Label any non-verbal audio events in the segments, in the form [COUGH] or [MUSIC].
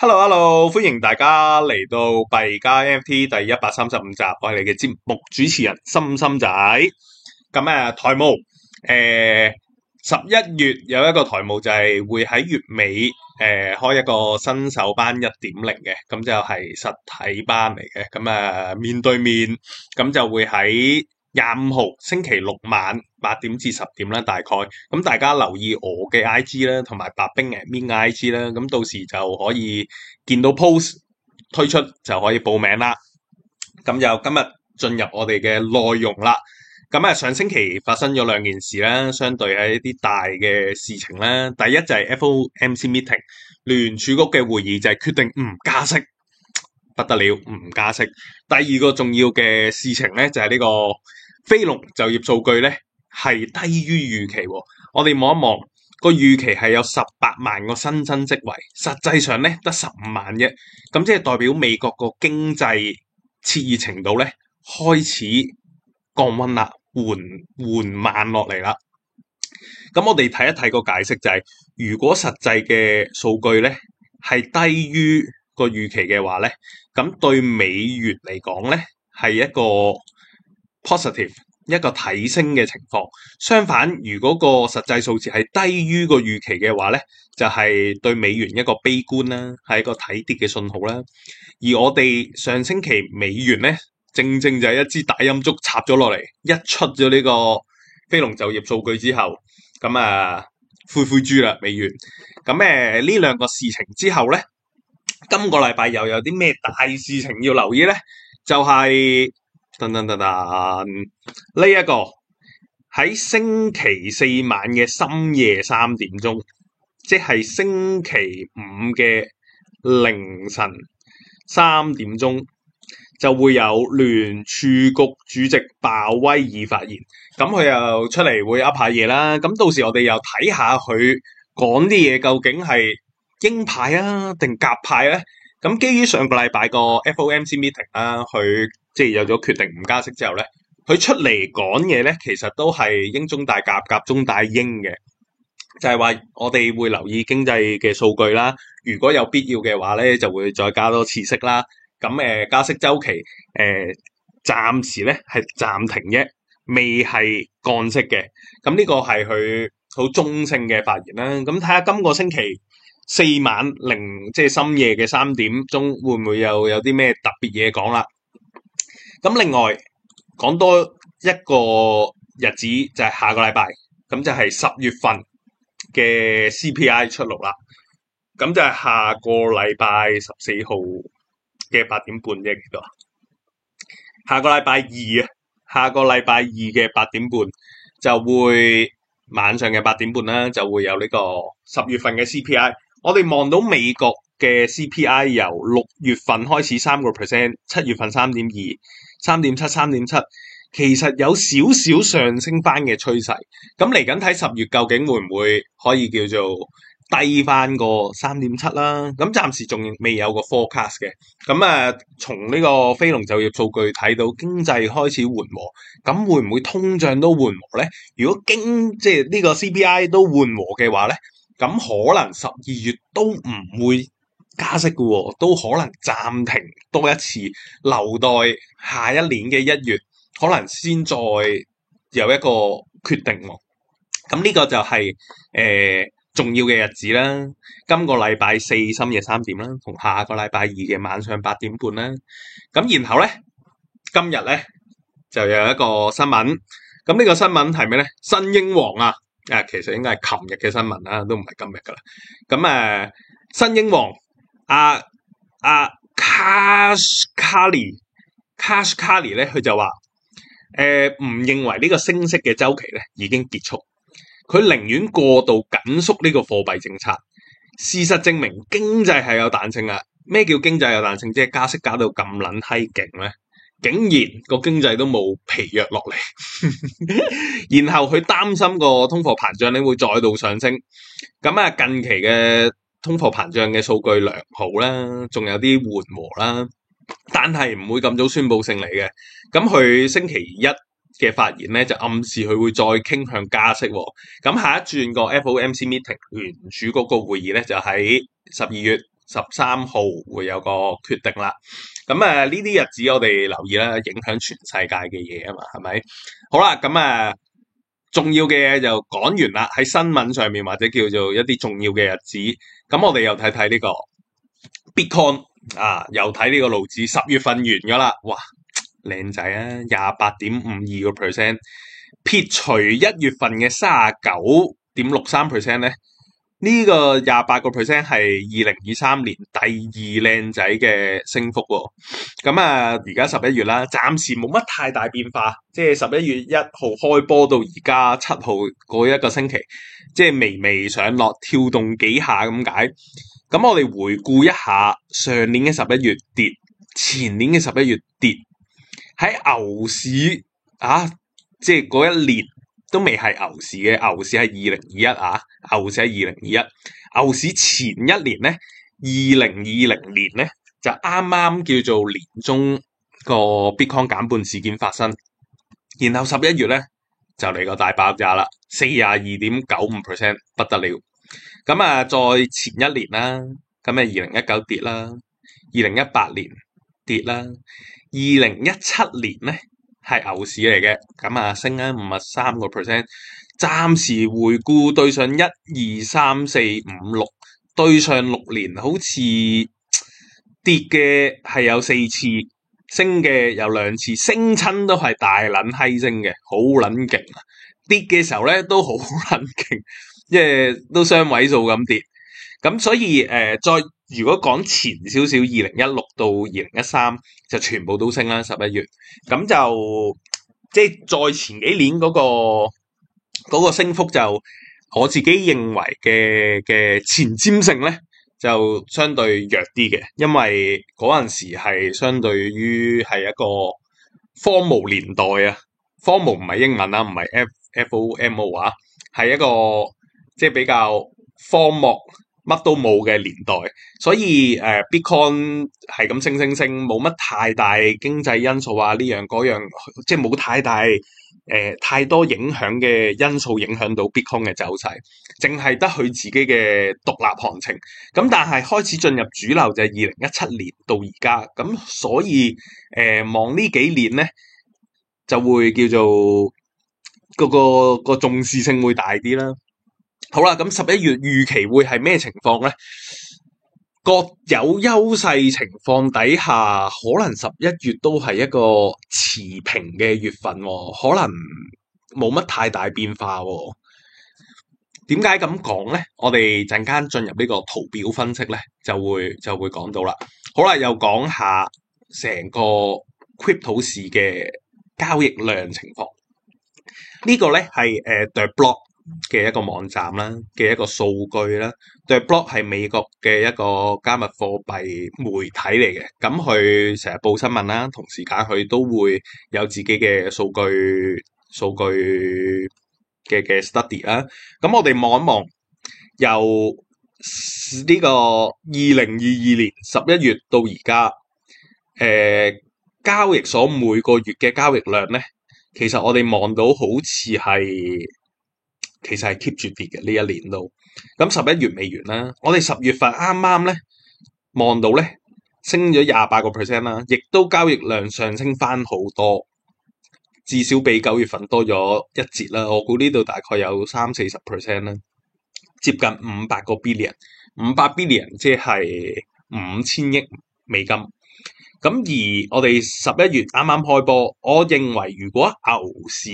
hello hello，歡迎大家嚟到幣加 NFT 第一百三十五集，我係你嘅節目主持人心心仔。咁啊台務，誒十一月有一個台務就係會喺月尾誒、呃、開一個新手班一點零嘅，咁就係實體班嚟嘅，咁啊面對面，咁就會喺。廿五號星期六晚八點至十點啦，大概咁大家留意我嘅 IG 啦，同埋白兵嘅 IG 啦，咁到時就可以見到 post 推出就可以報名啦。咁就今日進入我哋嘅內容啦。咁啊，上星期發生咗兩件事啦，相對係一啲大嘅事情咧。第一就係 FOMC meeting 聯儲局嘅會議就係決定唔加息，不得了唔加息。第二個重要嘅事情咧就係呢、個。非農就業數據咧係低於預期，我哋望一望個預期係有十八萬個新增職位，實際上咧得十五萬嘅，咁即係代表美國個經濟熾熱程度咧開始降溫啦，緩緩慢落嚟啦。咁我哋睇一睇個解釋就係、是，如果實際嘅數據咧係低於個預期嘅話咧，咁對美元嚟講咧係一個。positive 一個睇升嘅情況，相反，如果個實際數字係低於個預期嘅話咧，就係、是、對美元一個悲觀啦，係一個睇跌嘅信號啦。而我哋上星期美元咧，正正就係一支大陰燭插咗落嚟，一出咗呢個非農就業數據之後，咁啊灰灰豬啦美元。咁誒呢兩個事情之後咧，今個禮拜又有啲咩大事情要留意咧？就係、是。噔噔噔噔，呢、這、一個喺星期四晚嘅深夜三點鐘，即係星期五嘅凌晨三點鐘，就會有聯儲局主席鮑威爾發言。咁佢又出嚟會噏下嘢啦。咁到時我哋又睇下佢講啲嘢究竟係鷹派啊，定鴿派咧、啊？咁基於上個禮拜個 FOMC meeting 啦，佢。即係有咗決定唔加息之後咧，佢出嚟講嘢咧，其實都係英中大夾，夾中大英嘅，就係話我哋會留意經濟嘅數據啦。如果有必要嘅話咧，就會再加多次息啦。咁誒加息周期誒暫時咧係暫停啫，未係降息嘅。咁呢個係佢好中性嘅發言啦。咁睇下今個星期四晚零即係深夜嘅三點鐘會唔會又有啲咩特別嘢講啦？咁另外講多一個日子就係、係、下個禮拜，咁就係十月份嘅 CPI 出爐啦。咁就係下個禮拜十四號嘅八點半啫，幾下個禮拜二啊，下個禮拜二嘅八點半就會晚上嘅八點半啦，就會有呢個十月份嘅 CPI。我哋望到美國嘅 CPI 由六月份開始三個 percent，七月份三點二。三點七，三點七，其實有少少上升翻嘅趨勢。咁嚟緊睇十月究竟會唔會可以叫做低翻個三點七啦？咁暫時仲未有個 forecast 嘅。咁啊，從呢個非農就業數據睇到經濟開始緩和，咁會唔會通脹都緩和咧？如果經即係呢個 CPI 都緩和嘅話咧，咁可能十二月都唔會。加息嘅喎、哦，都可能暫停多一次，留待下一年嘅一月，可能先再有一個決定、哦。咁、嗯、呢、這個就係、是、誒、呃、重要嘅日子啦。今個禮拜四深夜三點啦，同下個禮拜二嘅晚上八點半啦。咁然後咧，今日咧就有一個新聞。咁、嗯、呢、這個新聞係咩咧？新英皇啊，誒、啊、其實應該係琴日嘅新聞啦、啊，都唔係今日㗎喇。咁、嗯、誒、啊、新英皇。啊，阿、uh, uh, Kashkari、Kashkari 咧，佢就話：誒，唔認為呢個升息嘅周期咧已經結束，佢寧願過度緊縮呢個貨幣政策。事實證明經濟係有彈性啊！咩叫經濟有彈性？即係加息加到咁撚閪勁咧，竟然個經濟都冇疲弱落嚟。 [LAUGHS] 然後佢擔心個通貨膨脹咧會再度上升。咁啊，uh, 近期嘅。通貨膨脹嘅數據良好啦，仲有啲緩和啦，但係唔會咁早宣佈勝利嘅。咁佢星期一嘅發言咧，就暗示佢會再傾向加息喎。咁下一轉個 FOMC meeting 聯儲嗰個會議咧，就喺十二月十三號會有個決定啦。咁啊，呢啲日子我哋留意啦，影響全世界嘅嘢啊嘛，係咪？好啦，咁啊。重要嘅嘢就講完啦，喺新聞上面或者叫做一啲重要嘅日子，咁我哋又睇睇呢個 Bitcoin 啊，又睇呢個路子，十月份完噶啦，哇，靚仔啊，廿八點五二個 percent，撇除一月份嘅卅九點六三 percent 咧。呢呢個廿八個 percent 係二零二三年第二靚仔嘅升幅，咁啊而家十一月啦，暫時冇乜太大變化，即係十一月一號開波到而家七號嗰一個星期，即係微微上落跳動幾下咁解。咁我哋回顧一下上年嘅十一月跌，前年嘅十一月跌，喺牛市啊，即係嗰一年。都未係牛市嘅，牛市係二零二一啊，牛市係二零二一。牛市前一年咧，二零二零年咧就啱啱叫做年中個 Bitcoin 減半事件發生，然後十一月咧就嚟個大爆炸啦，四十二點九五 percent 不得了。咁啊，再前一年啦，咁啊二零一九跌啦，二零一八年跌啦，二零一七年咧。係牛市嚟嘅，咁啊升緊五啊三個 percent，暫時回顧對上一二三四五六，對上六年好似跌嘅係有四次，升嘅有兩次，升親都係大撚閪升嘅，好撚勁啊！跌嘅時候咧都好撚勁，即 [LAUGHS] 係都雙位數咁跌，咁所以誒、呃、再。如果講前少少，二零一六到二零一三就全部都升啦，十一月咁就即係、就是、再前幾年嗰、那個嗰、那個升幅就我自己認為嘅嘅前瞻性咧就相對弱啲嘅，因為嗰陣時係相對於係一個荒蕪年代啊，荒蕪唔係英文啊，唔係 F F、OM、O M O 啊，係一個即係、就是、比較荒漠。乜都冇嘅年代，所以誒 Bitcoin 係咁升升升，冇、呃、乜太大經濟因素啊，呢樣嗰樣，即係冇太大誒、呃、太多影響嘅因素影響到 Bitcoin 嘅走勢，淨係得佢自己嘅獨立行情。咁但係開始進入主流就係二零一七年到而家，咁所以誒望呢幾年咧，就會叫做個個個重視性會大啲啦。好啦，咁十一月預期會係咩情況咧？各有優勢情況底下，可能十一月都係一個持平嘅月份、哦，可能冇乜太大變化、哦。點解咁講咧？我哋陣間進入呢個圖表分析咧，就會就會講到啦。好啦，又講下成個 Crypto 市嘅交易量情況。這個、呢個咧係誒 The Block 嘅一個網站啦，嘅一個數據啦。The Block 係美國嘅一個加密貨幣媒體嚟嘅，咁佢成日報新聞啦，同時間佢都會有自己嘅數據、數據嘅嘅 study 啦。咁我哋望一望，由呢個二零二二年十一月到而家，誒、呃，交易所每個月嘅交易量咧，其實我哋望到好似係。其實係 keep 住跌嘅呢一年度，咁十一月未完啦。我哋十月份啱啱咧望到咧升咗廿八個 percent 啦，亦都交易量上升翻好多，至少比九月份多咗一截啦。我估呢度大概有三四十 percent 啦，接近五百個 billion，五百 billion 即係五千億美金。咁而我哋十一月啱啱開波，我認為如果牛市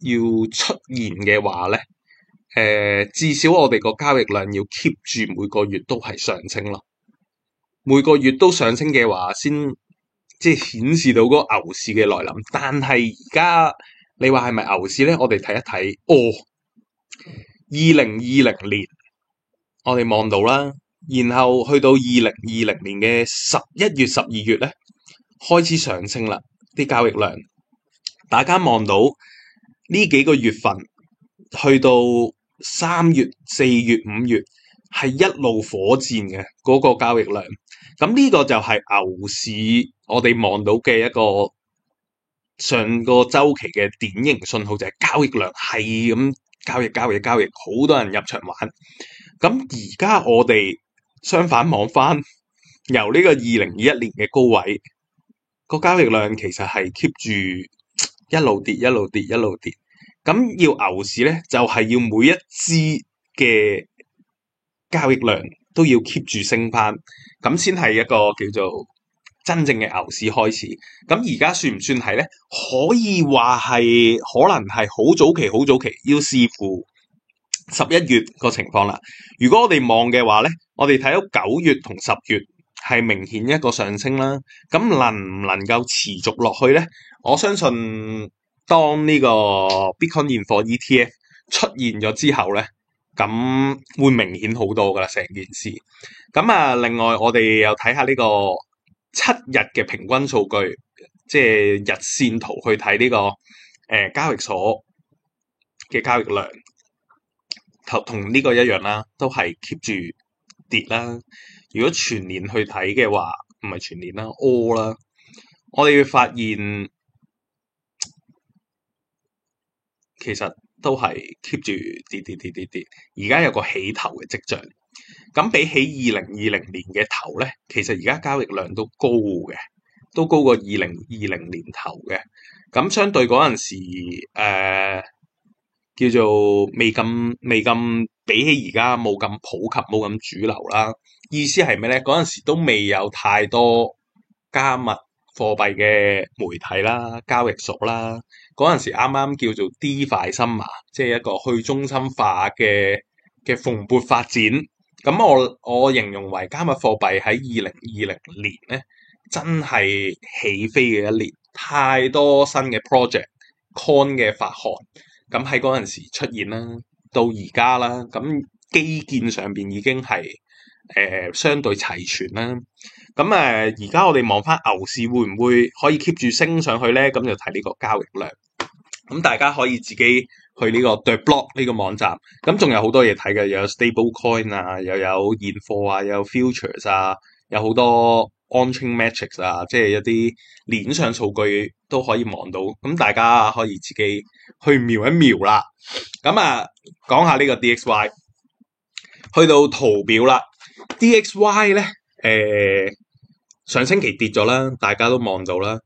要出現嘅話咧。誒、呃，至少我哋個交易量要 keep 住每個月都係上升咯，每個月都上升嘅話，先即係顯示到嗰個牛市嘅來臨。但係而家你話係咪牛市咧？我哋睇一睇哦，二零二零年我哋望到啦，然後去到二零二零年嘅十一月、十二月咧，開始上升啦啲交易量，大家望到呢幾個月份去到。三月、四月、五月係一路火箭嘅嗰個交易量，咁呢個就係牛市我哋望到嘅一個上個周期嘅典型信號，就係交易量係咁交易、交易、交易，好多人入場玩。咁而家我哋相反望翻由呢個二零二一年嘅高位，個交易量其實係 keep 住一路跌、一路跌、一路跌。咁要牛市咧，就係要每一支嘅交易量都要 keep 住升翻，咁先係一個叫做真正嘅牛市開始。咁而家算唔算係咧？可以話係可能係好早期，好早期，要視乎十一月個情況啦。如果我哋望嘅話咧，我哋睇到九月同十月係明顯一個上升啦。咁能唔能夠持續落去咧？我相信。當呢個 Bitcoin 現貨 ETF 出現咗之後咧，咁會明顯好多㗎啦成件事。咁啊，另外我哋又睇下呢個七日嘅平均數據，即係日線圖去睇呢、這個誒、呃、交易所嘅交易量。頭同呢個一樣啦，都係 keep 住跌啦。如果全年去睇嘅話，唔係全年啦，all 啦，我哋會發現。其實都係 keep 住跌跌跌跌跌，而家有個起頭嘅跡象。咁比起二零二零年嘅頭咧，其實而家交易量都高嘅，都高過二零二零年頭嘅。咁相對嗰陣時，呃，叫做未咁未咁，比起而家冇咁普及冇咁主流啦。意思係咩咧？嗰陣時都未有太多加密貨幣嘅媒體啦、交易所啦，嗰陣時啱啱叫做 DeFi Summer 啊，即係一個去中心化嘅嘅蓬勃發展。咁我我形容為加密貨幣喺二零二零年咧，真係起飛嘅一年，太多新嘅 project、coin 嘅發行。咁喺嗰陣時出現啦，到而家啦，咁基建上邊已經係。誒、呃、相對齊全啦，咁誒而家我哋望翻牛市會唔會可以 keep 住升上去咧？咁就睇呢個交易量。咁、嗯、大家可以自己去呢個 The Block 呢個網站，咁、嗯、仲有好多嘢睇嘅，有 stable coin 啊，又有現貨啊，有 futures 啊，有好多 on-chain metrics 啊，即係一啲鏈上數據都可以望到。咁、嗯、大家可以自己去瞄一瞄啦。咁、嗯、啊，講下呢個 DXY，去到圖表啦。DXY 咧，誒、欸，上星期跌咗啦，大家都望到啦。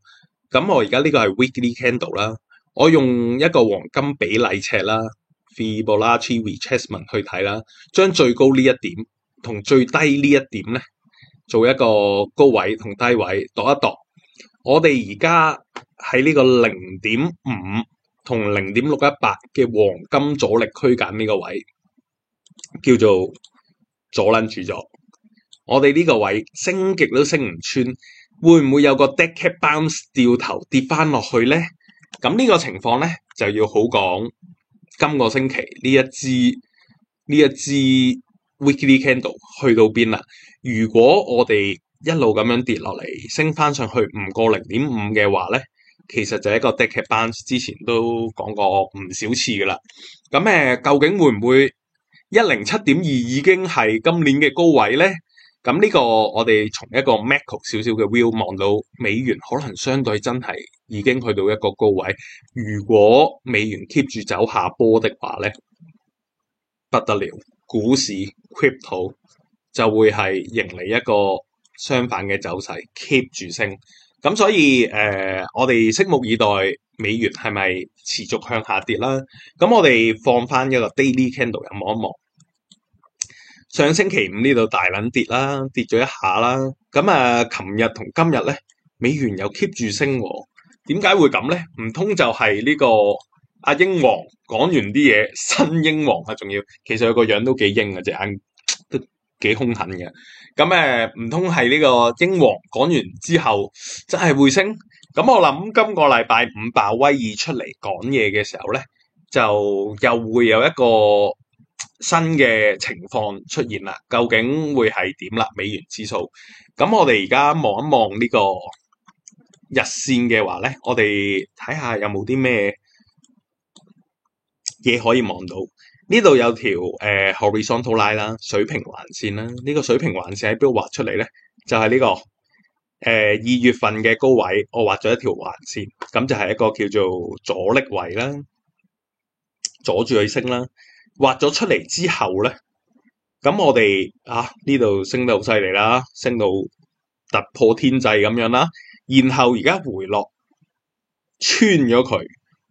咁、嗯、我而家呢個係 weekly candle 啦，我用一個黃金比例尺啦 Fibonacci retracement 去睇啦，將最高呢一點同最低呢一點咧，做一個高位同低位度一度。我哋而家喺呢個零點五同零點六一八嘅黃金阻力區間呢個位，叫做。阻撚住咗，我哋呢個位升極都升唔穿，會唔會有個 dead cat bounce 掉頭跌翻落去咧？咁呢個情況咧就要好講。今個星期呢一支呢一支 weekly candle 去到邊啦？如果我哋一路咁樣跌落嚟，升翻上去唔過零點五嘅話咧，其實就係一個 dead cat bounce。之前都講過唔少次噶啦。咁誒、呃，究竟會唔會？一零七點二已經係今年嘅高位呢。咁呢個我哋從一個 macro 少少嘅 view 望到美元可能相對真係已經去到一個高位。如果美元 keep 住走下坡的話呢，不得了，股市 crypto 就會係迎嚟一個相反嘅走勢，keep 住升。咁所以誒、呃，我哋拭目以待美元係咪持續向下跌啦？咁我哋放翻一個 daily candle 又望一望。上星期五呢度大捻跌啦，跌咗一下啦。咁啊，琴日同今日咧，美元又 keep 住升。點解會咁咧？唔通就係呢個阿英皇講完啲嘢，新英皇啊，仲要，其實佢個樣都幾英啊，隻眼都幾凶狠嘅。咁誒，唔通係呢個英皇講完之後真係會升？咁我諗今個禮拜五，鮑威爾出嚟講嘢嘅時候咧，就又會有一個。新嘅情況出現啦，究竟會係點啦？美元指數，咁我哋而家望一望呢個日線嘅話咧，我哋睇下有冇啲咩嘢可以望到？呢度有條誒、呃、horizontal line 啦，水平橫線啦。呢、這個水平橫線喺邊度畫出嚟咧？就係、是、呢、這個誒二、呃、月份嘅高位，我畫咗一條橫線，咁就係一個叫做阻力位啦，阻住佢升啦。畫咗出嚟之後咧，咁我哋啊呢度升得好犀利啦，升到突破天際咁樣啦，然後而家回落穿咗佢，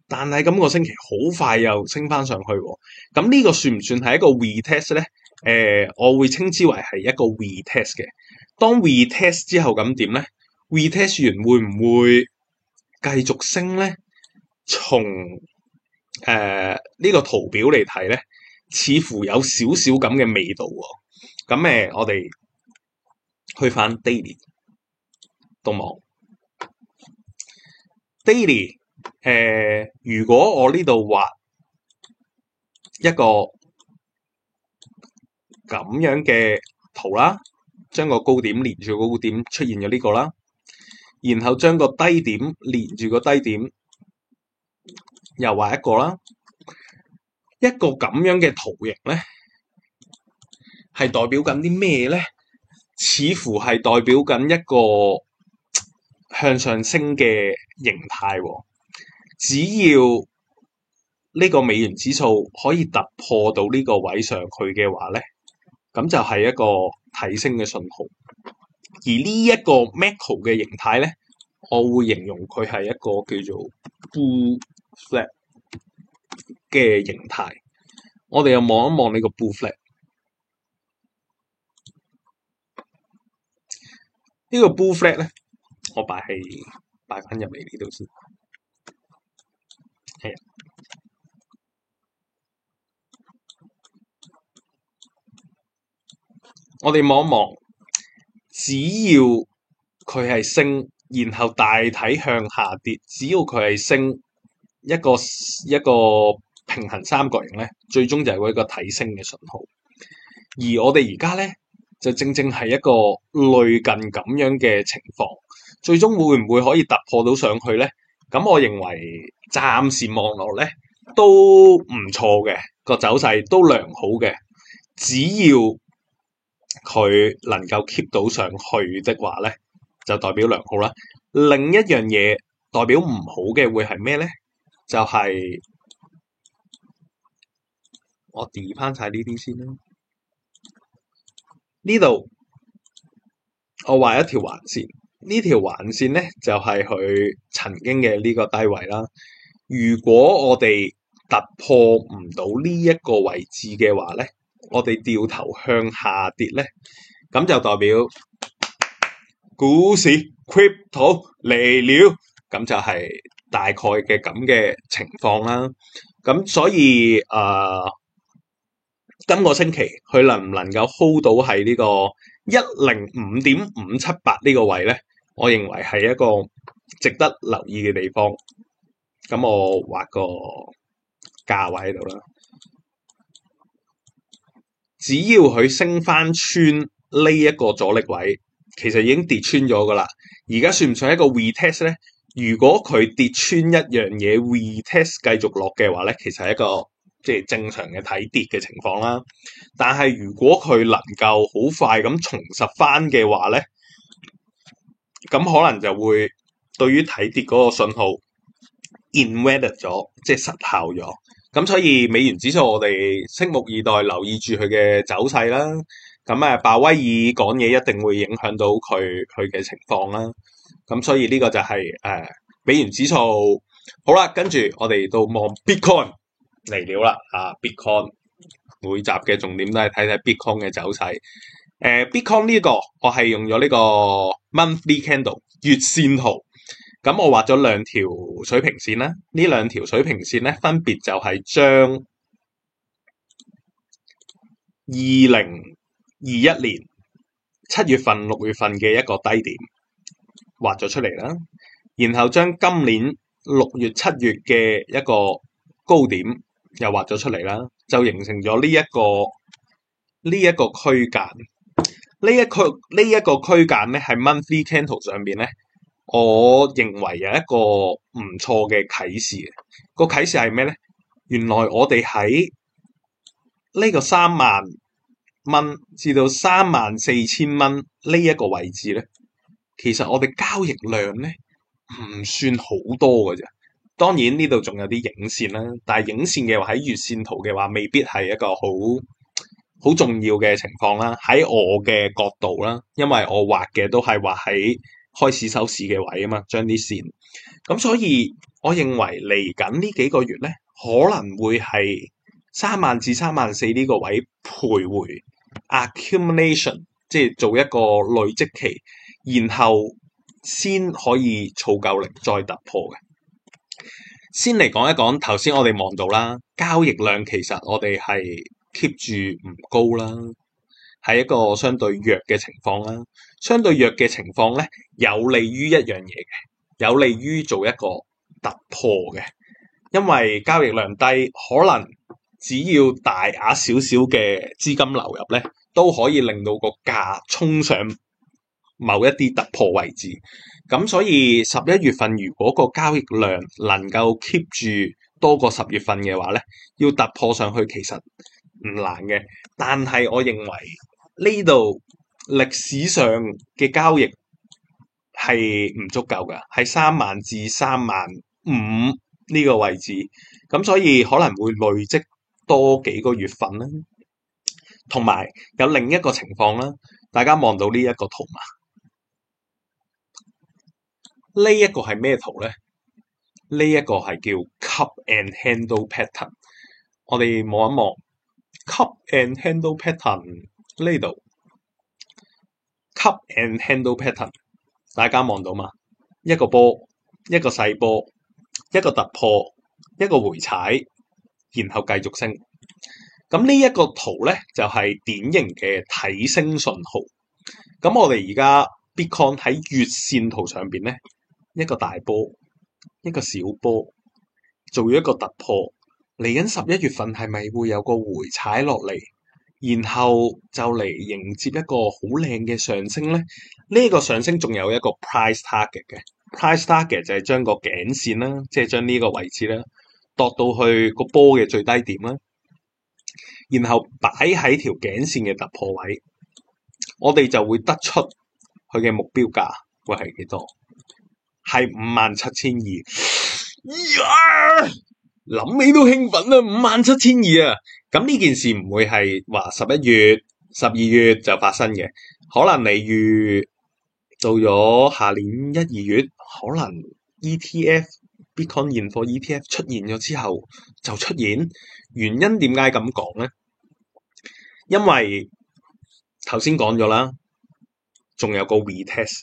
但係今個星期好快又升翻上去，咁呢個算唔算係一個 retest 咧？誒、呃，我會稱之為係一個 retest 嘅。當 retest 之後咁點咧？retest 完會唔會繼續升咧？從誒呢、呃這個圖表嚟睇咧？似乎有少少咁嘅味道喎、哦，咁誒、呃，我哋去翻 daily 都冇 daily 誒、呃。如果我呢度畫一個咁樣嘅圖啦，將個高點連住個高點出現咗呢個啦，然後將個低點連住個低點，又畫一個啦。一個咁樣嘅圖形咧，係代表緊啲咩咧？似乎係代表緊一個向上升嘅形態喎、哦。只要呢個美元指數可以突破到呢個位上去嘅話咧，咁就係一個提升嘅信號。而 Mac 呢一個 Macro 嘅形態咧，我會形容佢係一個叫做 bull flag。嘅形態，我哋又望一望呢個 bull flag。這個、flat 呢個 bull flag 咧，我擺係擺翻入嚟呢度先。係，我哋望一望，只要佢係升，然後大體向下跌，只要佢係升。一個一個平衡三角形咧，最終就係一個睇升嘅信號。而我哋而家咧，就正正係一個類近咁樣嘅情況，最終會唔會可以突破到上去咧？咁我認為暫時望落咧都唔錯嘅，個走勢都良好嘅。只要佢能夠 keep 到上去的話咧，就代表良好啦。另一樣嘢代表唔好嘅會係咩咧？就係、是、我地翻晒呢啲先啦，呢度我畫一條橫線，條橫線呢條橫線咧就係、是、佢曾經嘅呢個低位啦。如果我哋突破唔到呢一個位置嘅話咧，我哋掉頭向下跌咧，咁就代表股市 crypto 嚟了，咁就係、是。大概嘅咁嘅情況啦，咁所以誒、呃，今個星期佢能唔能夠 hold 到係呢個一零五點五七八呢個位咧？我認為係一個值得留意嘅地方。咁我畫個價位喺度啦。只要佢升翻穿呢一個阻力位，其實已經跌穿咗噶啦。而家算唔算係一個 retest 咧？如果佢跌穿一樣嘢 retest 繼續落嘅話咧，其實係一個即係、就是、正常嘅睇跌嘅情況啦。但係如果佢能夠好快咁重拾翻嘅話咧，咁可能就會對於睇跌嗰個信號 inverted 咗，即係失效咗。咁所以美元指數我哋拭目以待，留意住佢嘅走勢啦。咁啊，鮑威爾講嘢一定會影響到佢佢嘅情況啦。咁所以呢個就係誒美元指數好啦，跟住我哋到望 Bitcoin 嚟料啦啊！Bitcoin 每集嘅重點都係睇睇 Bitcoin 嘅走勢。誒 Bitcoin 呢一個我係用咗呢個 monthly candle 月線圖，咁我畫咗兩條水平線啦。呢兩條水平線咧分別就係將二零二一年七月份、六月份嘅一個低點。畫咗出嚟啦，然後將今年六月、七月嘅一個高點又畫咗出嚟啦，就形成咗、這個這個這個這個、呢一個呢一個區間。呢一區呢一個區間咧，喺 monthly candle 上邊咧，我認為有一個唔錯嘅啟示。個啟示係咩咧？原來我哋喺呢個三萬蚊至到三萬四千蚊呢一個位置咧。其實我哋交易量咧唔算好多㗎咋，當然呢度仲有啲影線啦，但係影線嘅話喺月線圖嘅話未必係一個好好重要嘅情況啦。喺我嘅角度啦，因為我畫嘅都係畫喺開始收市嘅位啊嘛，將啲線咁，所以我認為嚟緊呢幾個月咧，可能會係三萬至三萬四呢個位徘徊 accumulation，即係做一個累積期。然後先可以儲夠力再突破嘅。先嚟講一講頭先我哋望到啦，交易量其實我哋係 keep 住唔高啦，係一個相對弱嘅情況啦。相對弱嘅情況咧，有利於一樣嘢嘅，有利於做一個突破嘅。因為交易量低，可能只要大額少少嘅資金流入咧，都可以令到個價衝上。某一啲突破位置，咁所以十一月份如果個交易量能夠 keep 住多過十月份嘅話，咧，要突破上去其實唔難嘅。但係我認為呢度歷史上嘅交易係唔足夠嘅，係三萬至三萬五呢個位置，咁所以可能會累積多幾個月份啦。同埋有，有另一個情況啦，大家望到呢一個圖嘛？呢一、這個係咩圖咧？呢一個係叫 cup and handle pattern。我哋望一望 cup and handle pattern 呢度 cup and handle pattern，大家望到嘛？一個波，一個細波，一個突破，一個回踩，然後繼續升。咁呢一個圖咧，就係、是、典型嘅睇升信號。咁我哋而家 bitcoin 喺月線圖上邊咧？一個大波，一個小波，做咗一個突破。嚟緊十一月份係咪會有個回踩落嚟，然後就嚟迎接一個好靚嘅上升咧？呢個上升仲有一個 price target 嘅，price target 就係將個頸線啦，即係將呢個位置咧，度到去個波嘅最低點啦，然後擺喺條頸線嘅突破位，我哋就會得出佢嘅目標價會係幾多？係五萬七千二，諗起都興奮啊！五萬七千二啊，咁呢件事唔會係話十一月、十二月就發生嘅，可能嚟遇到咗下年一二月，可能 ETF Bitcoin 現貨 ETF 出現咗之後就出現，原因點解咁講呢？因為頭先講咗啦，仲有個 retest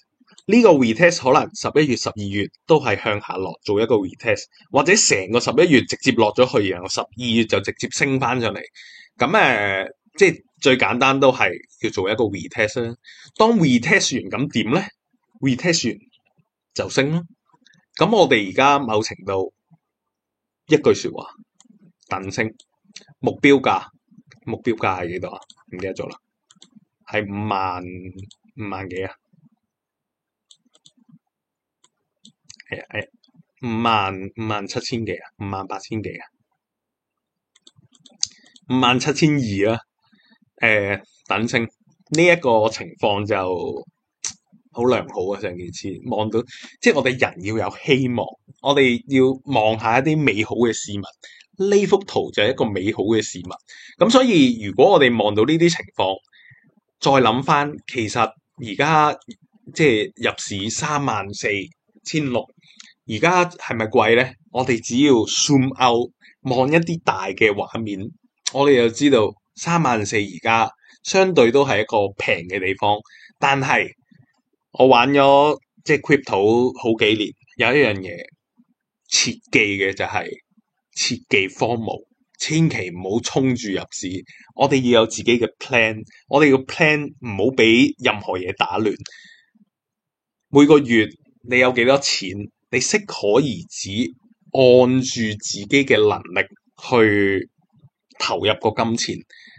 呢個 retest 可能十一月、十二月都係向下落，做一個 retest 或者成個十一月直接落咗去，然後十二月就直接升翻上嚟。咁誒、呃，即係最簡單都係叫做一個 retest 啦。Test，當 retest 完咁點咧？retest 完就升咯。咁我哋而家某程度一句説話，等升目標價，目標價係幾多啊？唔記得咗啦，係五萬五萬幾啊？係啊、哎，五萬五萬七千幾啊，五萬八千幾啊，五萬七千二啦，啊。誒、呃，等清呢一個情況就好良好啊！成件事望到，即係我哋人要有希望，我哋要望一下一啲美好嘅事物。呢幅圖就係一個美好嘅事物。咁所以如果我哋望到呢啲情況，再諗翻，其實而家即係入市三萬四千六。而家係咪貴咧？我哋只要 Zoom Out 望一啲大嘅畫面，我哋就知道三萬四而家相對都係一個平嘅地方。但係我玩咗即係 crypto 好幾年，有一樣嘢切忌嘅就係切忌 FOMO, 千祈唔好衝住入市。我哋要有自己嘅 plan，我哋嘅 plan 唔好俾任何嘢打亂。每個月你有幾多錢？你適可而止，按住自己嘅能力去投入個金錢，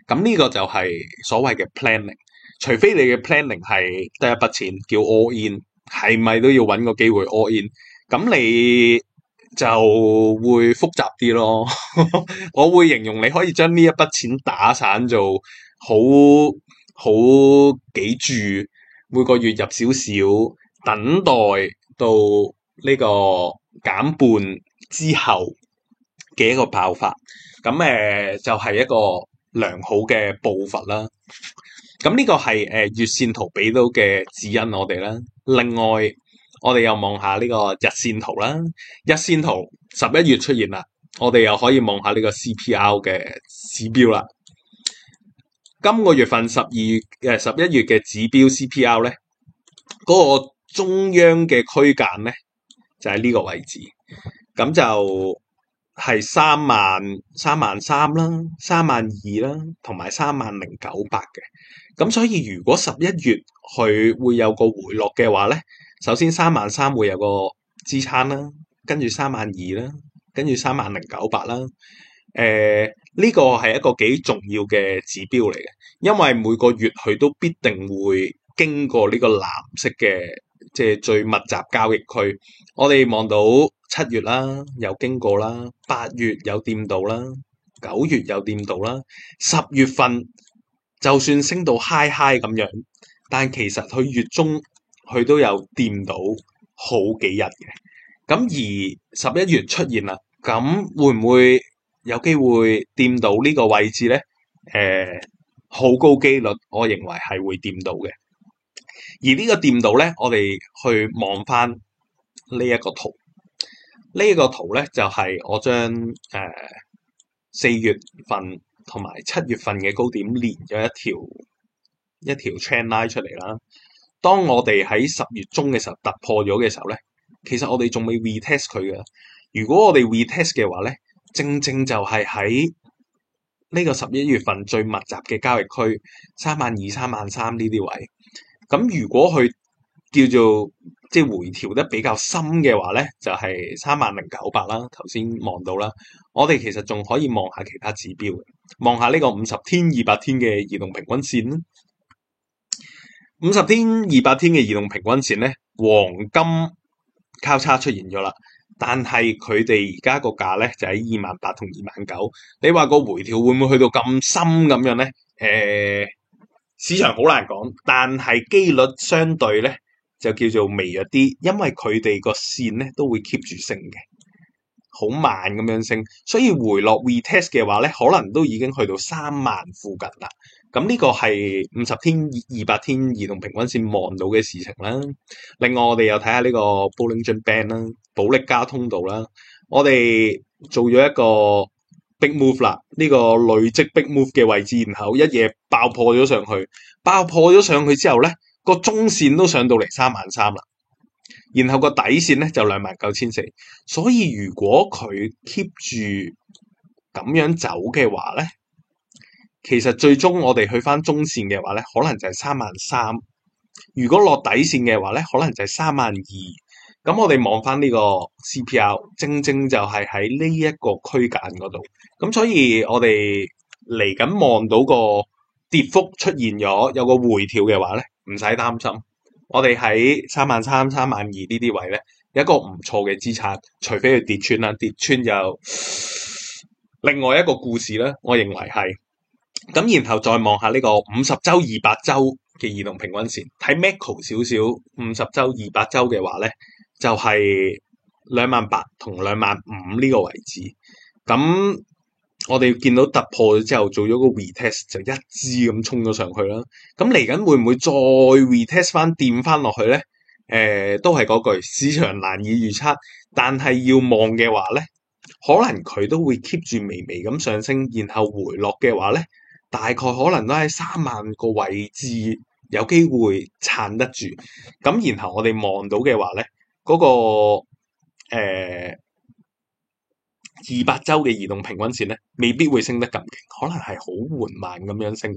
咁呢個就係所謂嘅 planning。除非你嘅 planning 係得一筆錢叫 all in，係咪都要搵個機會 all in？咁你就會複雜啲咯。 [LAUGHS] 我會形容你可以將呢一筆錢打散做好好幾注，每個月入少少，等待到。呢個減半之後嘅一個爆發，咁誒、呃、就係、是、一個良好嘅步伐啦。咁、嗯、呢、這個係誒、呃、月線圖俾到嘅指引我哋啦。另外，我哋又望下呢個日線圖啦。日線圖十一月出現啦，我哋又可以望下呢個 C P R 嘅指標啦。今個月份十二月誒十一月嘅指標 C P R 咧，嗰、那個中央嘅區間咧。就喺呢個位置，咁就係三萬、三萬三啦，三萬二啦，同埋三萬零九百嘅。咁所以如果十一月佢會有個回落嘅話咧，首先三萬三會有個支撐啦，跟住三萬二啦、呃，跟住三萬零九百啦。誒，呢個係一個幾重要嘅指標嚟嘅，因為每個月佢都必定會經過呢個藍色嘅。即係最密集交易區，我哋望到七月啦，有經過啦，八月有掂到啦，九月有掂到啦，十月份就算升到嗨嗨 g h 咁樣，但其實佢月中佢都有掂到好幾日嘅，咁而十一月出現啦，咁會唔會有機會掂到呢個位置咧？誒、呃，好高機率，我認為係會掂到嘅。.而呢個店度咧，我哋去望翻呢一個圖，呢、這個圖咧就係、是、我將誒四月份同埋七月份嘅高點連咗一條一條 trend line 出嚟啦。當我哋喺十月中嘅時候突破咗嘅時候咧，其實我哋仲未 retest 佢嘅。如果我哋 retest 嘅話咧，正正就係喺呢個十一月份最密集嘅交易區三萬二、三萬三呢啲位。咁如果佢叫做即係回調得比較深嘅話咧，就係三萬零九百啦，頭先望到啦。我哋其實仲可以望下其他指標嘅，望下呢個五十天、二百天嘅移動平均線。五十天、二百天嘅移動平均線咧，黃金交叉出現咗啦。但係佢哋而家個價咧就喺二萬八同二萬九。你話個回調會唔會去到咁深咁樣咧？誒？市場好難講，但係機率相對咧就叫做微弱啲，因為佢哋個線咧都會 keep 住升嘅，好慢咁樣升，所以回落 retest 嘅話咧，可能都已經去到三萬附近啦。咁，嗯，呢，這個係五十天、二百天移動平均線望到嘅事情啦。另外我哋又睇下呢個 Bollinger Band 啦，保力加通道啦，我哋做咗一個。big move 啦，呢個累積 big move 嘅位置，然後一夜爆破咗上去，爆破咗上去之後咧，個中線都上到嚟三萬三啦，然後個底線咧就兩萬九千四，所以如果佢 keep 住咁樣走嘅話咧，其實最終我哋去翻中線嘅話咧，可能就係三萬三；如果落底線嘅話咧，可能就係三萬二。咁我哋望翻呢個 CPI，正正就係喺呢一個區間嗰度。咁所以我哋嚟緊望到個跌幅出現咗，有個回跳嘅話咧，唔使擔心。我哋喺三萬三、三萬二呢啲位咧，有一個唔錯嘅支撐，除非佢跌穿啦，跌穿就另外一個故事啦。我認為係咁，然後再望下呢個五十周、二百周嘅移動平均線，睇 MACD c 少少五十周、二百周嘅話咧。就係兩萬八同兩萬五呢個位置，咁我哋見到突破咗之後，做咗個 retest 就一支咁衝咗上去啦。咁嚟緊會唔會再 retest 翻墊翻落去呢？誒、呃，都係嗰句市場難以預測，但係要望嘅話呢，可能佢都會 keep 住微微咁上升，然後回落嘅話呢，大概可能都喺三萬個位置有機會撐得住。咁然後我哋望到嘅話呢。嗰個誒二百週嘅移動平均線咧，未必會升得咁勁，可能係好緩慢咁樣升。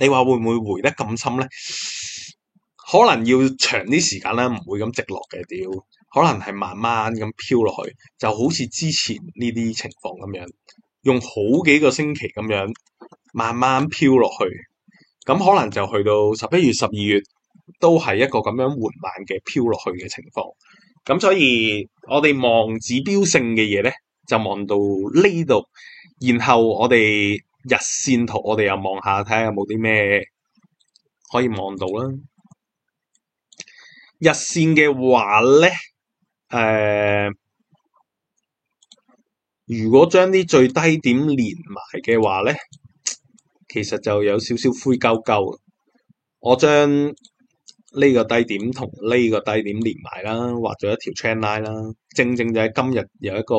你話會唔會回得咁深咧？可能要長啲時間咧，唔會咁直落嘅。屌，可能係慢慢咁飄落去，就好似之前呢啲情況咁樣，用好幾個星期咁樣慢慢飄落去，咁可能就去到十一月、十二月。都係一個咁樣緩慢嘅飄落去嘅情況，咁所以我哋望指標性嘅嘢咧，就望到呢度，然後我哋日線圖我哋又望下，睇下有冇啲咩可以望到啦。日線嘅話咧，誒、呃，如果將啲最低點連埋嘅話咧，其實就有少少灰鳩鳩。我將呢個低點同呢個低點連埋啦，畫咗一條 channel 啦。正正就喺今日有一個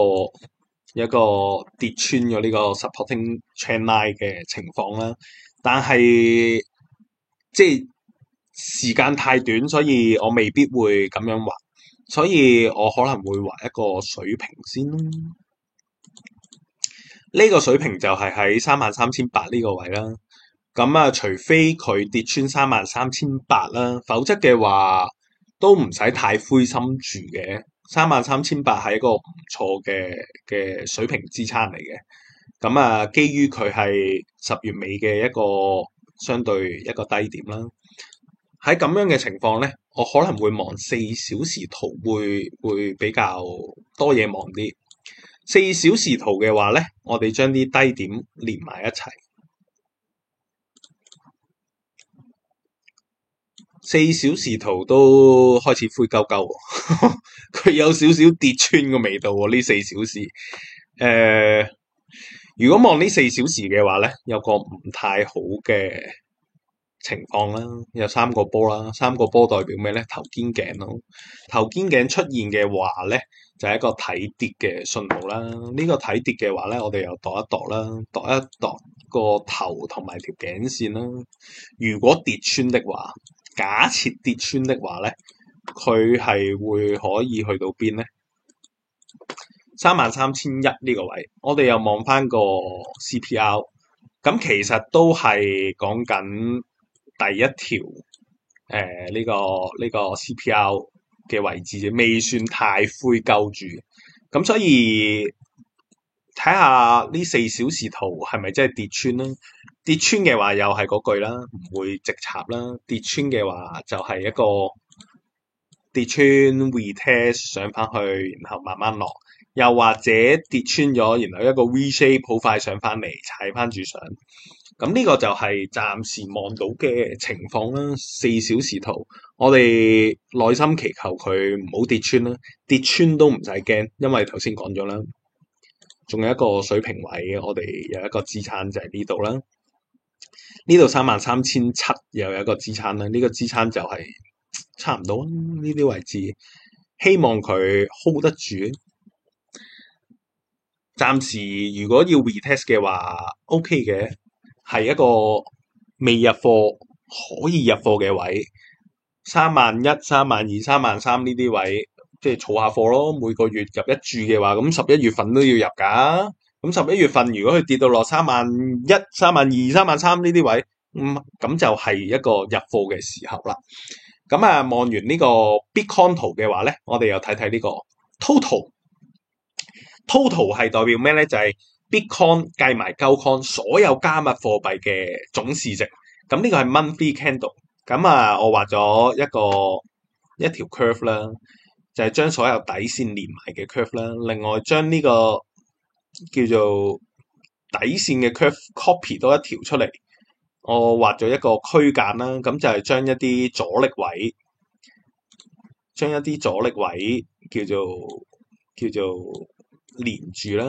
有一個跌穿咗呢個 supporting channel 嘅情況啦。但係即係時間太短，所以我未必會咁樣畫。所以我可能會畫一個水平先啦。呢個水平就係喺三萬三千八呢個位啦。咁啊，除非佢跌穿三萬三千八啦，否則嘅話都唔使太灰心住嘅。三萬三千八係一個唔錯嘅嘅水平支撐嚟嘅。咁啊，基於佢係十月尾嘅一個相對一個低點啦。喺咁樣嘅情況咧，我可能會望四小時圖會會比較多嘢望啲。四小時圖嘅話咧，我哋將啲低點連埋一齊。四小時圖都開始灰鳩鳩、哦，佢有少少跌穿嘅味道喎、哦。呢四小時，誒、呃，如果望呢四小時嘅話咧，有個唔太好嘅情況啦，有三個波啦，三個波代表咩咧？頭肩頸咯，頭肩頸出現嘅話咧，就係、是、一個睇跌嘅信號啦。這個、呢個睇跌嘅話咧，我哋又度一度啦，度一度個頭同埋條頸線啦。如果跌穿的話，假設跌穿的話咧，佢係會可以去到邊咧？三萬三千一呢個位，我哋又望翻個 CPR，咁其實都係講緊第一條誒呢、呃這個呢、這個 CPR 嘅位置未算太灰鳩住。咁所以睇下呢四小時圖係咪真係跌穿咧？跌穿嘅話又係嗰句啦，唔會直插啦。跌穿嘅話就係一個跌穿 retest 上翻去，然後慢慢落。又或者跌穿咗，然後一個 V shape 好快上翻嚟，踩翻住上。咁，嗯，呢個就係暫時望到嘅情況啦。四小時圖，我哋內心祈求佢唔好跌穿啦。跌穿都唔使驚，因為頭先講咗啦。仲有一個水平位，我哋有一個支撐就喺呢度啦。呢度三萬三千七又有一個支撐啦，呢個支撐就係差唔多呢啲位置，希望佢 hold 得住。暫時如果要 retest 嘅話，OK 嘅，係一個未入貨可以入貨嘅位。三萬一、三萬二、三萬三呢啲位，即係儲下貨咯。每個月入一注嘅話，咁十一月份都要入噶。咁十一月份，如果佢跌到落三萬一、三萬二、三萬三呢啲位，咁咁就係一個入貨嘅時候啦。咁啊，望完呢個 Bitcoin 圖嘅話咧，我哋又睇睇呢個 Total。Total 係代表咩咧？就係 Bitcoin 計埋 GoCon 所有加密貨幣嘅總市值。咁呢個係 Monthly Candle。咁啊，我畫咗一個一條 curve 啦，就係將所有底線連埋嘅 curve 啦。另外將呢個叫做底線嘅 curve copy 多一條出嚟，我畫咗一個區間啦，咁就係將一啲阻力位，將一啲阻力位叫做叫做連住啦，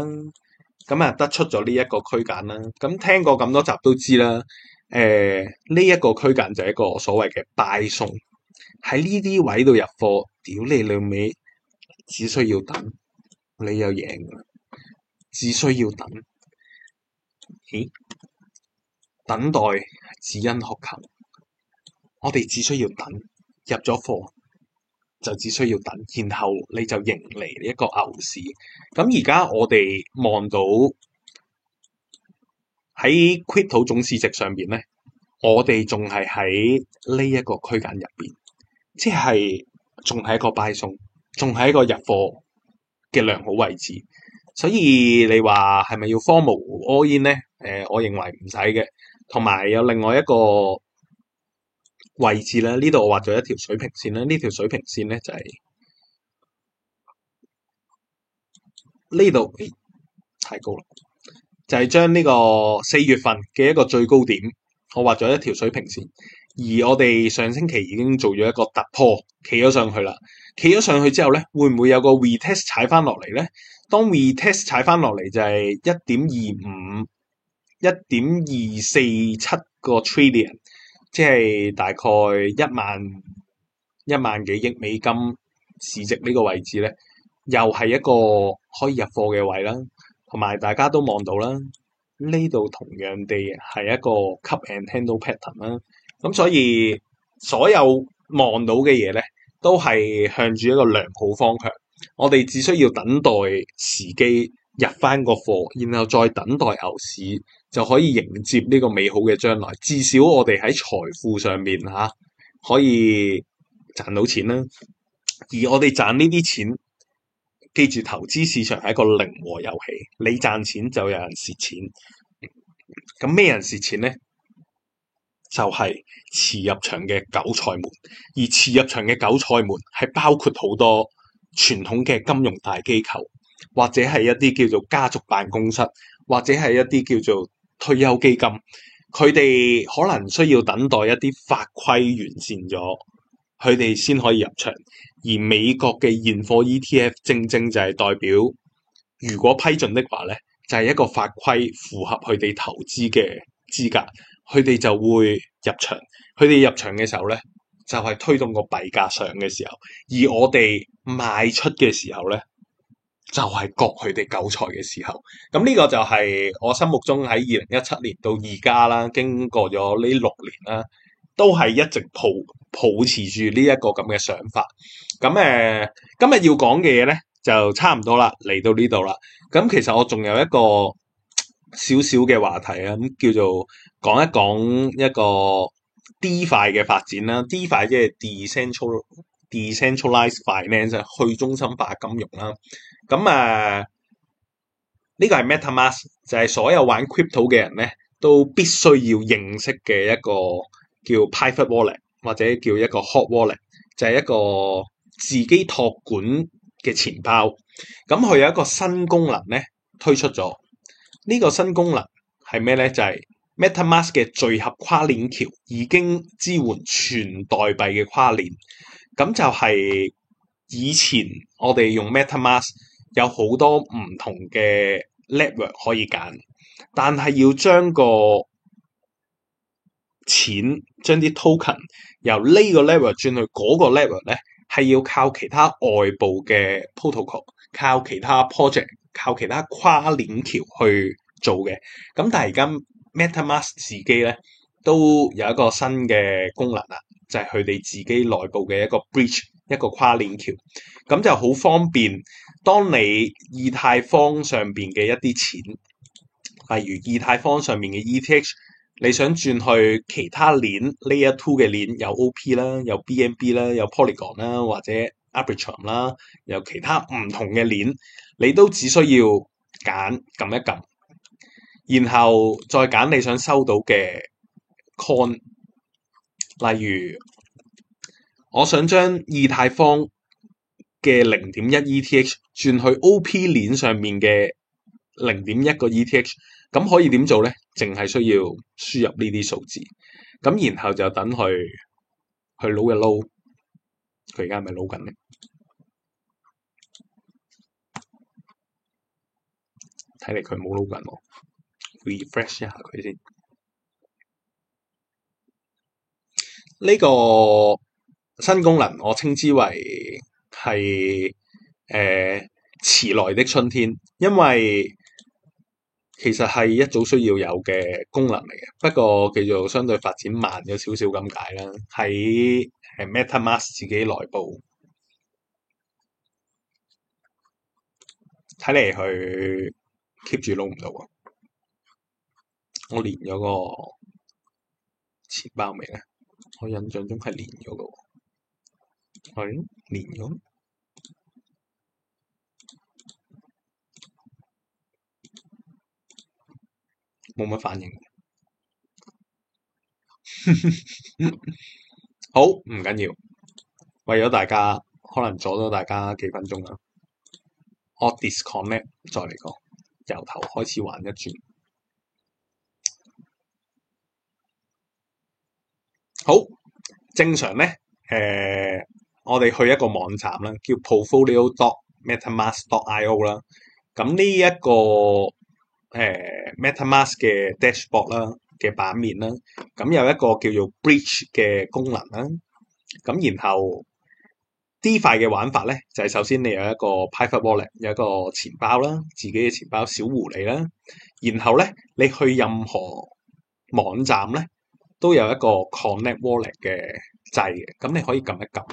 咁啊得出咗呢一個區間啦，咁聽過咁多集都知啦，誒呢一個區間就係一個所謂嘅 buy 送，喺呢啲位度入貨，屌你兩尾，只需要等，你又贏。只需要等，咦？等待只因渴求。我哋只需要等入咗貨，就只需要等，然後你就迎嚟一個牛市。咁而家我哋望到喺 Crypto 總市值上邊咧，我哋仲係喺呢一個區間入邊，即係仲係一個拜送，仲係一個入貨嘅良好位置。所以你話係咪要 FOMO all in 咧？誒、呃，我認為唔使嘅。同埋有，有另外一個位置咧，呢度我畫咗一條水平線咧。呢條水平線咧就係呢度太高啦，就係將呢個四月份嘅一個最高點，我畫咗一條水平線。而我哋上星期已經做咗一個突破，企咗上去啦。企咗上去之後咧，會唔會有個 retest 踩翻落嚟咧？當 we test 踩翻落嚟就係一點二五、一點二四七個 trillion，即係大概一萬一萬幾億美金市值呢個位置咧，又係一個可以入貨嘅位啦。同埋大家都望到啦，呢度同樣地係一個 cup and handle pattern 啦。咁所以所有望到嘅嘢咧，都係向住一個良好方向。我哋只需要等待時機入翻個貨，然後再等待牛市就可以迎接呢個美好嘅將來。至少我哋喺財富上面吓、啊、可以賺到錢啦。而我哋賺呢啲錢，記住投資市場係一個零和遊戲，你賺錢就有人蝕錢。咁、嗯、咩人蝕錢呢？就係、是、遲入場嘅韭菜們，而遲入場嘅韭菜們係包括好多。傳統嘅金融大機構，或者係一啲叫做家族辦公室，或者係一啲叫做退休基金，佢哋可能需要等待一啲法規完善咗，佢哋先可以入場。而美國嘅現貨 ETF 正正就係代表，如果批准的話呢就係一個法規符合佢哋投資嘅資格，佢哋就會入場。佢哋入場嘅時候呢，就係推動個幣價上嘅時候，而我哋賣出嘅時候咧，就係、是、割佢哋韭菜嘅時候。咁呢個就係我心目中喺二零一七年到而家啦，經過咗呢六年啦，都係一直抱抱持住呢一個咁嘅想法。咁誒、呃，今日要講嘅嘢咧，就差唔多啦，嚟到呢度啦。咁其實我仲有一個少少嘅話題啊，咁叫做講一講一個。DeFi 嘅發展啦，DeFi 即係 decentral decentralized finance 去中心化金融啦。咁誒，呢、啊這個係 MetaMask，就係所有玩 crypto 嘅人咧，都必須要認識嘅一個叫 private wallet 或者叫一個 hot wallet，就係一個自己託管嘅錢包。咁佢有一個新功能咧，推出咗。呢、這個新功能係咩咧？就係、是 MetaMask 嘅聚合跨鏈橋已經支援全代幣嘅跨鏈，咁就係以前我哋用 MetaMask 有好多唔同嘅 layer 可以揀，但係要將個錢將啲 token 由個轉個呢個 layer 轉去嗰個 layer 咧，係要靠其他外部嘅 protocol，靠其他 project，靠其他跨鏈橋去做嘅，咁但係而家。MetaMask 自己咧都有一個新嘅功能啦，就係佢哋自己內部嘅一個 bridge 一個跨鏈橋，咁就好方便。當你以太坊上邊嘅一啲錢，例如以太坊上邊嘅 ETH，你想轉去其他鏈 layer two 嘅鏈，有 OP 啦，有 BNB 啦，有 Polygon 啦，或者 Arbitrum 啦，有其他唔同嘅鏈，你都只需要揀撳一撳。然後再揀你想收到嘅 coin，例如我想將以太坊嘅零點一 ETH 轉去 OP 鏈上面嘅零點一個 ETH，咁可以點做咧？淨係需要輸入呢啲數字，咁然後就等佢去撈一撈，佢而家係咪撈緊咧？睇嚟佢冇撈緊喎。refresh 一下佢先。呢個新功能我稱之為係誒遲來的春天，因為其實係一早需要有嘅功能嚟嘅。不過叫做相對發展慢咗少少咁解啦。喺 MetaMask 自己內部睇嚟，佢 keep 住攞唔到。我連咗個錢包未咧？我印象中係連咗嘅喎。係、哎、連咗，冇乜反應。 [LAUGHS] 好，唔緊要。為咗大家，可能阻咗大家幾分鐘啦。我 disconnect，再嚟個，由頭開始玩一轉。好正常咧，誒、呃，我哋去一個網站啦，叫 portfolio dot metamask dot io 啦。咁呢一個誒、呃、metamask 嘅 dashboard 啦嘅版面啦，咁有一個叫做 bridge 嘅功能啦。咁然後，DeFi 嘅玩法咧，就係、是、首先你有一個 private wallet，有一個錢包啦，自己嘅錢包小狐狸啦。然後咧，你去任何網站咧。都有一個 connect wallet 嘅掣嘅，咁你可以撳一撳，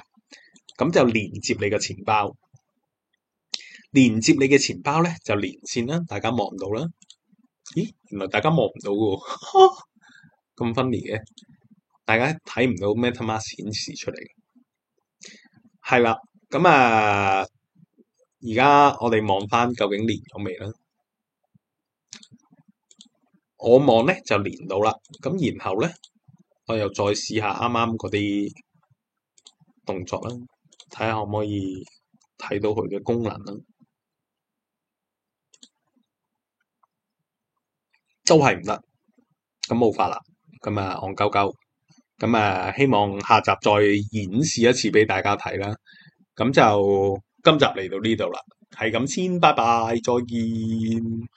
咁就連接你嘅錢包，連接你嘅錢包咧就連線啦，大家望到啦？咦，原來大家望唔到嘅喎，咁分裂嘅，大家睇唔到咩？MetaMask 顯示出嚟，嘅。係啦，咁啊，而家我哋望翻究竟連咗未啦？我望咧就連到啦，咁然後咧。我又再試下啱啱嗰啲動作啦，睇下可唔可以睇到佢嘅功能啦，都係唔得，咁冇法啦，咁啊戇鳩鳩，咁啊、嗯、希望下集再演示一次俾大家睇啦，咁就今集嚟到呢度啦，係咁先，拜拜，再見。